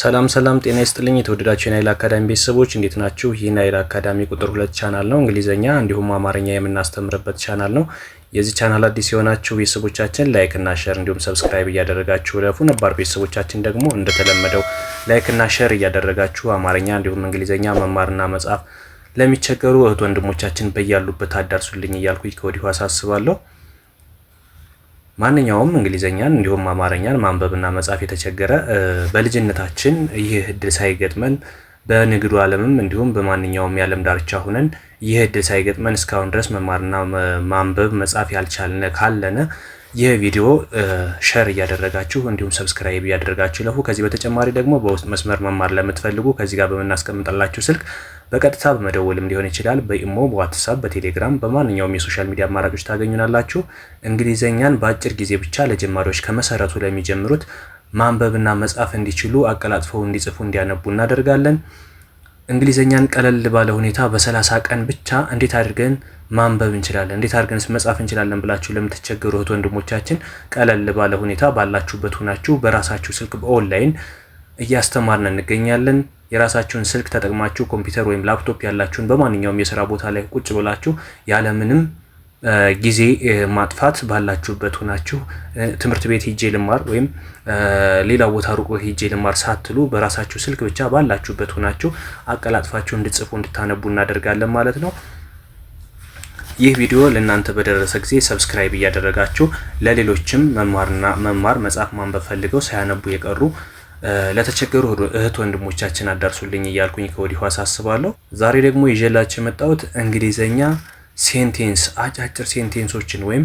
ሰላም ሰላም፣ ጤና ይስጥልኝ የተወደዳችሁ የናይል አካዳሚ ቤተሰቦች እንዴት ናችሁ? ይህ ናይል አካዳሚ ቁጥር ሁለት ቻናል ነው። እንግሊዝኛ እንዲሁም አማርኛ የምናስተምርበት ቻናል ነው። የዚህ ቻናል አዲስ የሆናችሁ ቤተሰቦቻችን ላይክ እና ሸር እንዲሁም ሰብስክራይብ እያደረጋችሁ ለፉ ነባር ቤተሰቦቻችን ደግሞ እንደተለመደው ላይክ እና ሸር እያደረጋችሁ አማርኛ እንዲሁም እንግሊዝኛ መማርና መጻፍ ለሚቸገሩ እህት ወንድሞቻችን በያሉበት አዳርሱልኝ እያልኩኝ ከወዲሁ አሳስባለሁ። ማንኛውም እንግሊዘኛን እንዲሁም አማርኛን ማንበብና መጻፍ የተቸገረ በልጅነታችን ይህ እድል ሳይገጥመን በንግዱ ዓለምም እንዲሁም በማንኛውም የዓለም ዳርቻ ሁነን ይህ እድል ሳይገጥመን እስካሁን ድረስ መማርና ማንበብ መጻፍ ያልቻልነ ካለነ ይህ ቪዲዮ ሸር እያደረጋችሁ እንዲሁም ሰብስክራይብ እያደረጋችሁ ለሁ ከዚህ በተጨማሪ ደግሞ በውስጥ መስመር መማር ለምትፈልጉ ከዚህ ጋር በምናስቀምጠላችሁ ስልክ በቀጥታ በመደወልም ሊሆን ይችላል። በኢሞ፣ በዋትሳፕ፣ በቴሌግራም በማንኛውም የሶሻል ሚዲያ አማራጮች ታገኙናላችሁ። እንግሊዘኛን በአጭር ጊዜ ብቻ ለጀማሪዎች ከመሰረቱ ለሚጀምሩት ማንበብና መጻፍ እንዲችሉ አቀላጥፈው እንዲጽፉ እንዲያነቡ እናደርጋለን። እንግሊዘኛን ቀለል ባለ ሁኔታ በሰላሳ ቀን ብቻ እንዴት አድርገን ማንበብ እንችላለን፣ እንዴት አድርገንስ መጻፍ እንችላለን ብላችሁ ለምትቸገሩ እህት ወንድሞቻችን ቀለል ባለ ሁኔታ ባላችሁበት ሁናችሁ በራሳችሁ ስልክ በኦንላይን እያስተማርን እንገኛለን። የራሳችሁን ስልክ ተጠቅማችሁ ኮምፒውተር ወይም ላፕቶፕ ያላችሁን በማንኛውም የስራ ቦታ ላይ ቁጭ ብላችሁ ያለምንም ጊዜ ማጥፋት ባላችሁበት ሆናችሁ ትምህርት ቤት ሂጄ ልማር ወይም ሌላ ቦታ ሩቆ ሂጄ ልማር ሳትሉ በራሳችሁ ስልክ ብቻ ባላችሁበት ሆናችሁ አቀላጥፋችሁ እንድጽፉ እንድታነቡ እናደርጋለን ማለት ነው። ይህ ቪዲዮ ለእናንተ በደረሰ ጊዜ ሰብስክራይብ እያደረጋችሁ ለሌሎችም መማርና መማር መጽሐፍ ማንበብ ፈልገው ሳያነቡ የቀሩ ለተቸገሩ እህት ወንድሞቻችን አዳርሱልኝ እያልኩኝ ከወዲሁ አሳስባለሁ። ዛሬ ደግሞ ይዤላችሁ የመጣሁት እንግሊዘኛ ሴንቴንስ አጫጭር ሴንቴንሶችን ወይም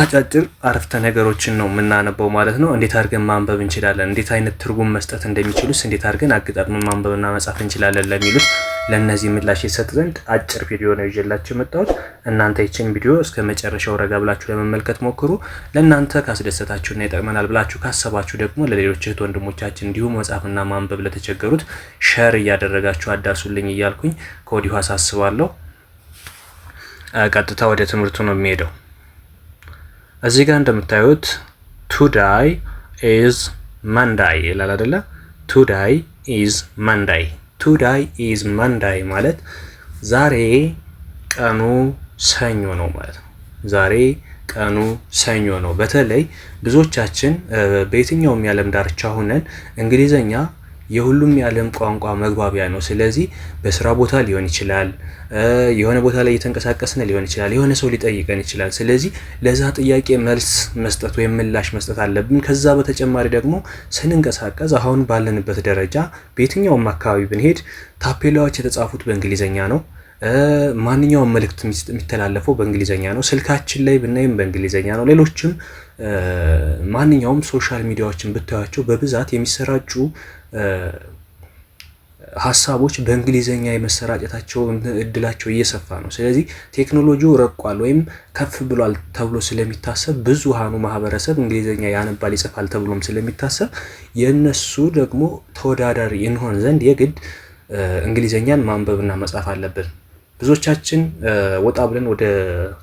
አጫጭር አረፍተ ነገሮችን ነው የምናነበው ማለት ነው። እንዴት አድርገን ማንበብ እንችላለን፣ እንዴት አይነት ትርጉም መስጠት እንደሚችሉስ እንዴት አድርገን አገጣጥመን ማንበብና መጻፍ እንችላለን ለሚሉት ለእነዚህ ምላሽ የሰጥ ዘንድ አጭር ቪዲዮ ነው ይዤላችሁ የመጣሁት። እናንተ ይችን ቪዲዮ እስከ መጨረሻው ረጋ ብላችሁ ለመመልከት ሞክሩ። ለእናንተ ካስደሰታችሁና ይጠቅመናል ብላችሁ ካሰባችሁ ደግሞ ለሌሎች እህት ወንድሞቻችን እንዲሁም መጻፍና ማንበብ ለተቸገሩት ሸር እያደረጋችሁ አዳርሱልኝ እያልኩኝ ከወዲሁ አሳስባለሁ። ቀጥታ ወደ ትምህርቱ ነው የሚሄደው። እዚህ ጋር እንደምታዩት ቱዳይ ኢዝ ማንዳይ ይላል አደለ? ቱዳይ ኢዝ ማንዳይ። ቱዳይ ኢዝ ማንዳይ ማለት ዛሬ ቀኑ ሰኞ ነው ማለት ነው። ዛሬ ቀኑ ሰኞ ነው። በተለይ ብዙዎቻችን በየትኛውም የዓለም ዳርቻ ሆነን እንግሊዘኛ የሁሉም የዓለም ቋንቋ መግባቢያ ነው። ስለዚህ በስራ ቦታ ሊሆን ይችላል፣ የሆነ ቦታ ላይ እየተንቀሳቀስን ሊሆን ይችላል፣ የሆነ ሰው ሊጠይቀን ይችላል። ስለዚህ ለዛ ጥያቄ መልስ መስጠት ወይም ምላሽ መስጠት አለብን። ከዛ በተጨማሪ ደግሞ ስንንቀሳቀስ አሁን ባለንበት ደረጃ በየትኛውም አካባቢ ብንሄድ ታፔላዎች የተጻፉት በእንግሊዝኛ ነው። ማንኛውም መልእክት የሚተላለፈው በእንግሊዝኛ ነው። ስልካችን ላይ ብናይም በእንግሊዝኛ ነው። ሌሎችም ማንኛውም ሶሻል ሚዲያዎችን ብታያቸው በብዛት የሚሰራጩ ሀሳቦች በእንግሊዝኛ የመሰራጨታቸው እድላቸው እየሰፋ ነው። ስለዚህ ቴክኖሎጂው ረቋል ወይም ከፍ ብሏል ተብሎ ስለሚታሰብ ብዙሃኑ ማህበረሰብ እንግሊዝኛ ያነባል ይጽፋል ተብሎም ስለሚታሰብ የእነሱ ደግሞ ተወዳዳሪ እንሆን ዘንድ የግድ እንግሊዝኛን ማንበብና መጻፍ አለብን። ብዙዎቻችን ወጣ ብለን ወደ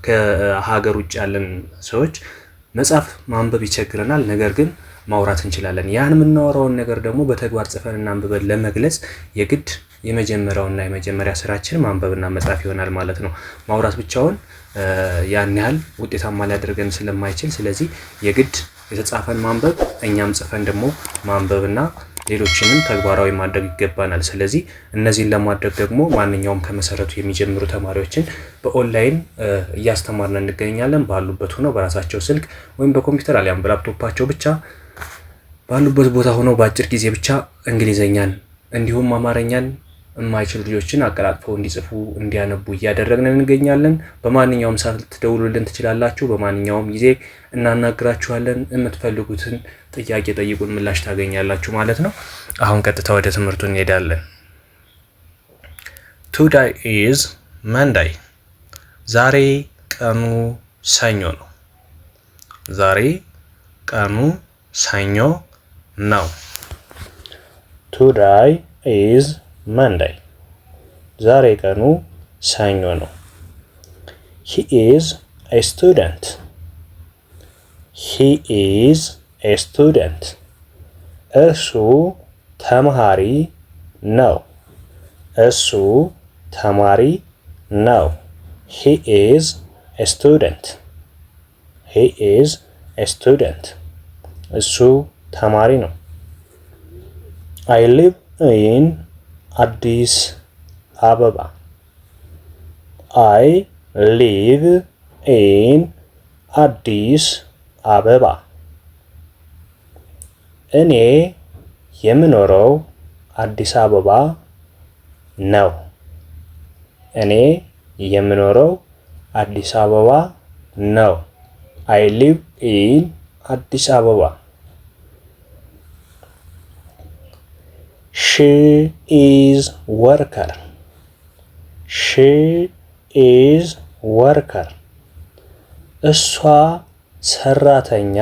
ከሀገር ውጭ ያለን ሰዎች መጻፍ ማንበብ ይቸግረናል፣ ነገር ግን ማውራት እንችላለን። ያን የምናወራውን ነገር ደግሞ በተግባር ጽፈንና አንብበን ለመግለጽ የግድ የመጀመሪያውና የመጀመሪያ ስራችን ማንበብና መጻፍ ይሆናል ማለት ነው። ማውራት ብቻውን ያን ያህል ውጤታማ ሊያደርገን ስለማይችል፣ ስለዚህ የግድ የተጻፈን ማንበብ እኛም ጽፈን ደግሞ ማንበብና ሌሎችንም ተግባራዊ ማድረግ ይገባናል። ስለዚህ እነዚህን ለማድረግ ደግሞ ማንኛውም ከመሰረቱ የሚጀምሩ ተማሪዎችን በኦንላይን እያስተማርን እንገኛለን። ባሉበት ሆነው በራሳቸው ስልክ ወይም በኮምፒውተር አሊያም በላፕቶፓቸው ብቻ ባሉበት ቦታ ሆነው በአጭር ጊዜ ብቻ እንግሊዘኛን እንዲሁም አማርኛን የማይችሉ ልጆችን አቀላጥፈው እንዲጽፉ እንዲያነቡ እያደረግን እንገኛለን። በማንኛውም ሰዓት ልትደውሉልን ትችላላችሁ። በማንኛውም ጊዜ እናናግራችኋለን። የምትፈልጉትን ጥያቄ ጠይቁን፣ ምላሽ ታገኛላችሁ ማለት ነው። አሁን ቀጥታ ወደ ትምህርቱ እንሄዳለን። ቱዳይ ኢዝ መንዳይ። ዛሬ ቀኑ ሰኞ ነው። ዛሬ ቀኑ ሰኞ ነው። ቱዳይ ኢዝ መንዳይ ዛሬ ቀኑ ሰኞ ነው። ሂ ኢዝ ኤ ስቱደንት ሂ ኢዝ ኤ ስቱደንት እርሱ ተማሪ ነው። እሱ ተማሪ ነው። ሂ ኢዝ ኤ ስቱደንት ሂ ኢዝ ኤ ስቱደንት እሱ ተማሪ ነው። አይ ሊቭ ኢን አዲስ አበባ አይ ሊቭ ኢን አዲስ አበባ እኔ የምኖረው አዲስ አበባ ነው። እኔ የምኖረው አዲስ አበባ ነው። አይ ሊቭ ኢን አዲስ አበባ ሺ ኢዝ ወርከር ሺ ኢዝ ወርከር እሷ ሰራተኛ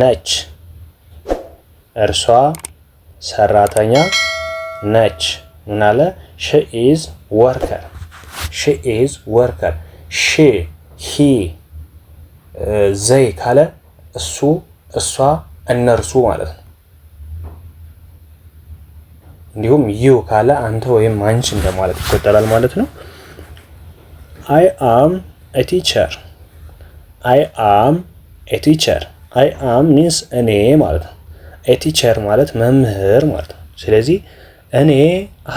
ነች። እርሷ ሰራተኛ ነች። ምን አለ? ሺ ኢዝ ወርከር ሺ ኢዝ ወርከር። ሺ ሂ ዘይ ካለ እሱ፣ እሷ፣ እነርሱ ማለት ነው። እንዲሁም ዩ ካለ አንተ ወይም አንቺ እንደማለት ይቆጠራል ማለት ነው። አይ አም ኤ ቲቸር፣ አይ አም ኤ ቲቸር። አይ አም ሚንስ እኔ ማለት ነው። ኤ ቲቸር ማለት መምህር ማለት ነው። ስለዚህ እኔ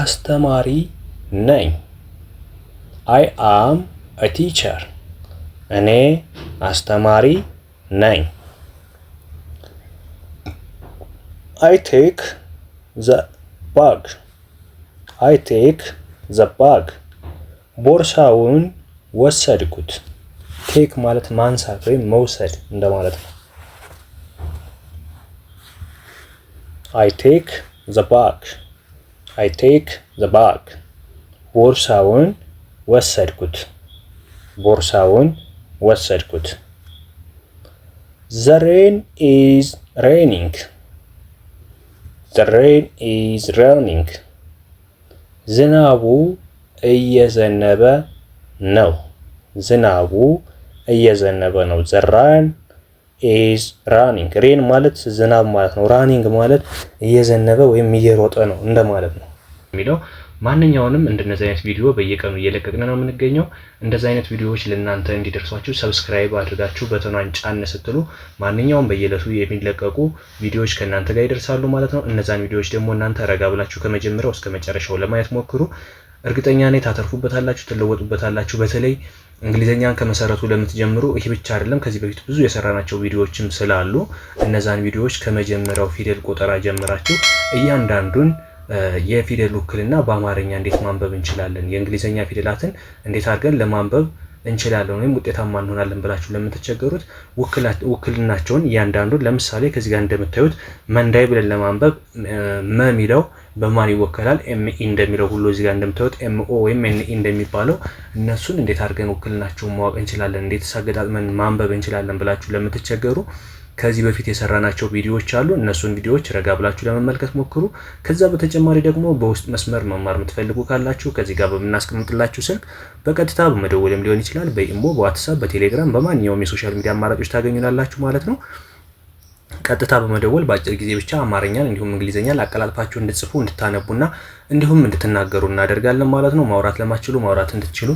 አስተማሪ ነኝ። አይ አም ኤ ቲቸር፣ እኔ አስተማሪ ነኝ። አይ ቴክ bag. I take the bag. ቦርሳውን ወሰድኩት። ቴክ ማለት ማንሳት ወይም መውሰድ እንደማለት ነው። አይ ቴክ ዘ ባግ አይ ቴክ ዘ ባግ። ቦርሳውን ወሰድኩት። ቦርሳውን ወሰድኩት። ዘ ሬን ኢዝ ሬኒንግ The rain is raining. ዝናቡ እየዘነበ ነው። ዝናቡ እየዘነበ ነው። The rain is running. ሬን ማለት ዝናብ ማለት ነው። ራኒንግ ማለት እየዘነበ ወይም እየሮጠ ነው እንደማለት ነው የሚለው ማንኛውንም እንደነዚህ አይነት ቪዲዮ በየቀኑ እየለቀቅን ነው የምንገኘው። እንደዚህ አይነት ቪዲዮዎች ለእናንተ እንዲደርሷችሁ ሰብስክራይብ አድርጋችሁ በተኗን ጫን ስትሉ ማንኛውም በየዕለቱ የሚለቀቁ ቪዲዮዎች ከእናንተ ጋር ይደርሳሉ ማለት ነው። እነዛን ቪዲዮዎች ደግሞ እናንተ ረጋ ብላችሁ ከመጀመሪያው እስከ መጨረሻው ለማየት ሞክሩ። እርግጠኛ ነኝ ታተርፉበታላችሁ፣ ትለወጡበታላችሁ። በተለይ እንግሊዝኛን ከመሰረቱ ለምትጀምሩ ይህ ብቻ አይደለም። ከዚህ በፊት ብዙ የሰራናቸው ቪዲዮዎችም ስላሉ እነዛን ቪዲዮዎች ከመጀመሪያው ፊደል ቆጠራ ጀምራችሁ እያንዳንዱን የፊደል ውክልና በአማርኛ እንዴት ማንበብ እንችላለን፣ የእንግሊዝኛ ፊደላትን እንዴት አድርገን ለማንበብ እንችላለን ወይም ውጤታማ እንሆናለን ብላችሁ ለምትቸገሩት ውክልናቸውን እያንዳንዱን ለምሳሌ ከዚህ ጋር እንደምታዩት መንዳይ ብለን ለማንበብ መ የሚለው በማን ይወከላል? ኤም ኢ እንደሚለው ሁሉ እዚህ ጋር እንደምታዩት ኤም ኦ ወይም ኤን ኢ እንደሚባለው እነሱን እንዴት አድርገን ውክልናቸውን ማወቅ እንችላለን፣ እንዴት ሳገጣጥመን ማንበብ እንችላለን ብላችሁ ለምትቸገሩ ከዚህ በፊት የሰራናቸው ቪዲዮዎች አሉ። እነሱን ቪዲዮዎች ረጋ ብላችሁ ለመመልከት ሞክሩ። ከዛ በተጨማሪ ደግሞ በውስጥ መስመር መማር የምትፈልጉ ካላችሁ ከዚህ ጋር በምናስቀምጥላችሁ ስልክ በቀጥታ በመደወልም ሊሆን ይችላል። በኢሞ፣ በዋትሳፕ፣ በቴሌግራም በማንኛውም የሶሻል ሚዲያ አማራጮች ታገኙናላችሁ ማለት ነው። ቀጥታ በመደወል በአጭር ጊዜ ብቻ አማርኛን እንዲሁም እንግሊዝኛን አቀላጥፋችሁ እንድትጽፉ እንድታነቡና እንዲሁም እንድትናገሩ እናደርጋለን ማለት ነው። ማውራት ለማትችሉ ማውራት እንድትችሉ፣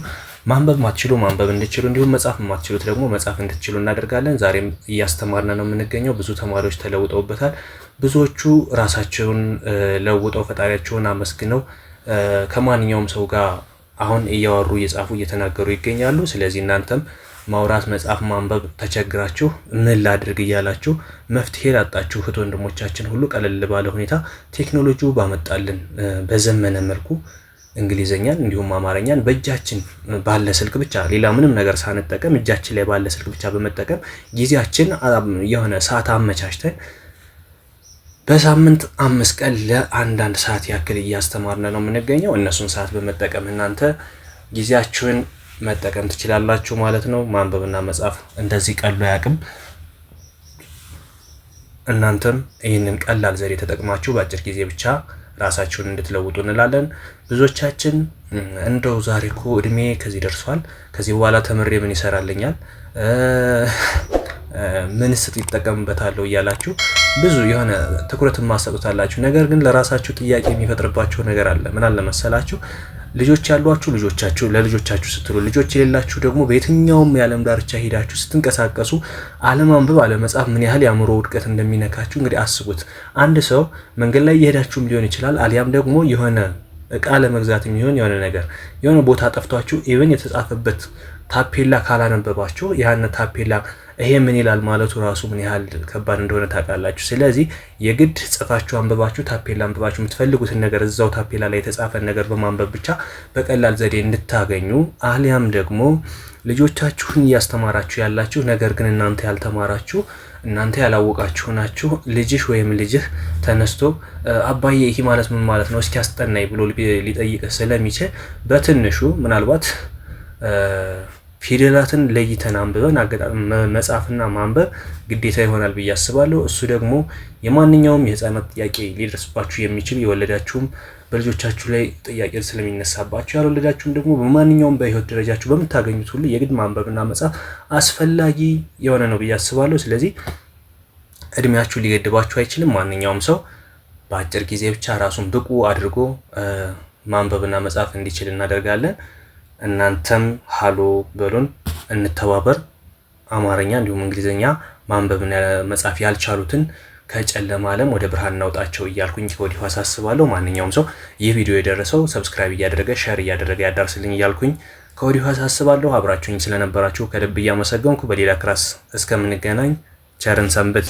ማንበብ ማትችሉ ማንበብ እንድችሉ እንዲሁም መጻፍ ማትችሉት ደግሞ መጻፍ እንድትችሉ እናደርጋለን። ዛሬም እያስተማርን ነው የምንገኘው። ብዙ ተማሪዎች ተለውጠውበታል። ብዙዎቹ ራሳቸውን ለውጠው ፈጣሪያቸውን አመስግነው ከማንኛውም ሰው ጋር አሁን እያወሩ እየጻፉ እየተናገሩ ይገኛሉ። ስለዚህ እናንተም ማውራት መጻፍ ማንበብ ተቸግራችሁ ምን ላድርግ እያላችሁ መፍትሄ ላጣችሁ እህት ወንድሞቻችን ሁሉ ቀለል ባለ ሁኔታ ቴክኖሎጂው ባመጣልን በዘመነ መልኩ እንግሊዘኛን እንዲሁም አማርኛን በእጃችን ባለ ስልክ ብቻ ሌላ ምንም ነገር ሳንጠቀም እጃችን ላይ ባለ ስልክ ብቻ በመጠቀም ጊዜያችን የሆነ ሰዓት አመቻችተን በሳምንት አምስት ቀን ለአንዳንድ ሰዓት ያክል እያስተማርን ነው የምንገኘው። እነሱን ሰዓት በመጠቀም እናንተ ጊዜያችሁን መጠቀም ትችላላችሁ ማለት ነው። ማንበብና መጻፍ እንደዚህ ቀሎ አያውቅም። እናንተም ይህንን ቀላል ዘዴ ተጠቅማችሁ በአጭር ጊዜ ብቻ ራሳችሁን እንድትለውጡ እንላለን። ብዙዎቻችን እንደው ዛሬ እኮ እድሜ ከዚህ ደርሷል፣ ከዚህ በኋላ ተምሬ ምን ይሰራልኛል ምን ስጥ ይጠቀምበታለሁ እያላችሁ ብዙ የሆነ ትኩረት ማሰጡት ነገር ግን ለራሳችሁ ጥያቄ የሚፈጥርባችሁ ነገር አለ። ምን አለ መሰላችሁ? ልጆች ያሏችሁ ልጆቻችሁ ለልጆቻችሁ ስትሉ፣ ልጆች የሌላችሁ ደግሞ በየትኛውም የዓለም ዳርቻ ሄዳችሁ ስትንቀሳቀሱ አለማንበብ፣ አለመጻፍ ምን ያህል የአእምሮ ውድቀት እንደሚነካችሁ እንግዲህ አስቡት። አንድ ሰው መንገድ ላይ እየሄዳችሁም ሊሆን ይችላል አሊያም ደግሞ የሆነ እቃ ለመግዛት የሚሆን የሆነ ነገር የሆነ ቦታ ጠፍቷችሁ ኢቨን የተጻፈበት ታፔላ ካላነበባችሁ ያን ታፔላ ይሄ ምን ይላል ማለቱ ራሱ ምን ያህል ከባድ እንደሆነ ታውቃላችሁ። ስለዚህ የግድ ጽፋችሁ አንብባችሁ ታፔላ አንብባችሁ የምትፈልጉትን ነገር እዛው ታፔላ ላይ የተጻፈን ነገር በማንበብ ብቻ በቀላል ዘዴ እንድታገኙ አሊያም ደግሞ ልጆቻችሁን እያስተማራችሁ ያላችሁ ነገር ግን እናንተ ያልተማራችሁ እናንተ ያላወቃችሁ ናችሁ። ልጅሽ ወይም ልጅህ ተነስቶ አባዬ ይህ ማለት ምን ማለት ነው እስኪ አስጠናኝ ብሎ ሊጠይቅ ስለሚችል በትንሹ ምናልባት ፊደላትን ለይተን አንብበን አገጣጥም መጻፍና ማንበብ ግዴታ ይሆናል ብዬ አስባለሁ። እሱ ደግሞ የማንኛውም የህፃናት ጥያቄ ሊደርስባችሁ የሚችል የወለዳችሁም በልጆቻችሁ ላይ ጥያቄ ስለሚነሳባችሁ ያልወለዳችሁም ደግሞ በማንኛውም በህይወት ደረጃችሁ በምታገኙት ሁሉ የግድ ማንበብና መጻፍ አስፈላጊ የሆነ ነው ብዬ አስባለሁ። ስለዚህ እድሜያችሁ ሊገድባችሁ አይችልም። ማንኛውም ሰው በአጭር ጊዜ ብቻ ራሱን ብቁ አድርጎ ማንበብና መጻፍ እንዲችል እናደርጋለን። እናንተም ሀሎ በሉን፣ እንተባበር። አማርኛ እንዲሁም እንግሊዝኛ ማንበብ መጻፍ ያልቻሉትን ከጨለማ ዓለም ወደ ብርሃን እናውጣቸው እያልኩኝ ከወዲሁ አሳስባለሁ። ማንኛውም ሰው ይህ ቪዲዮ የደረሰው ሰብስክራይብ እያደረገ ሸር እያደረገ ያዳርስልኝ እያልኩኝ ከወዲሁ አሳስባለሁ። አብራችሁኝ ስለነበራችሁ ከልብ እያመሰገንኩ በሌላ ክራስ እስከምንገናኝ ቸርን ሰንብት።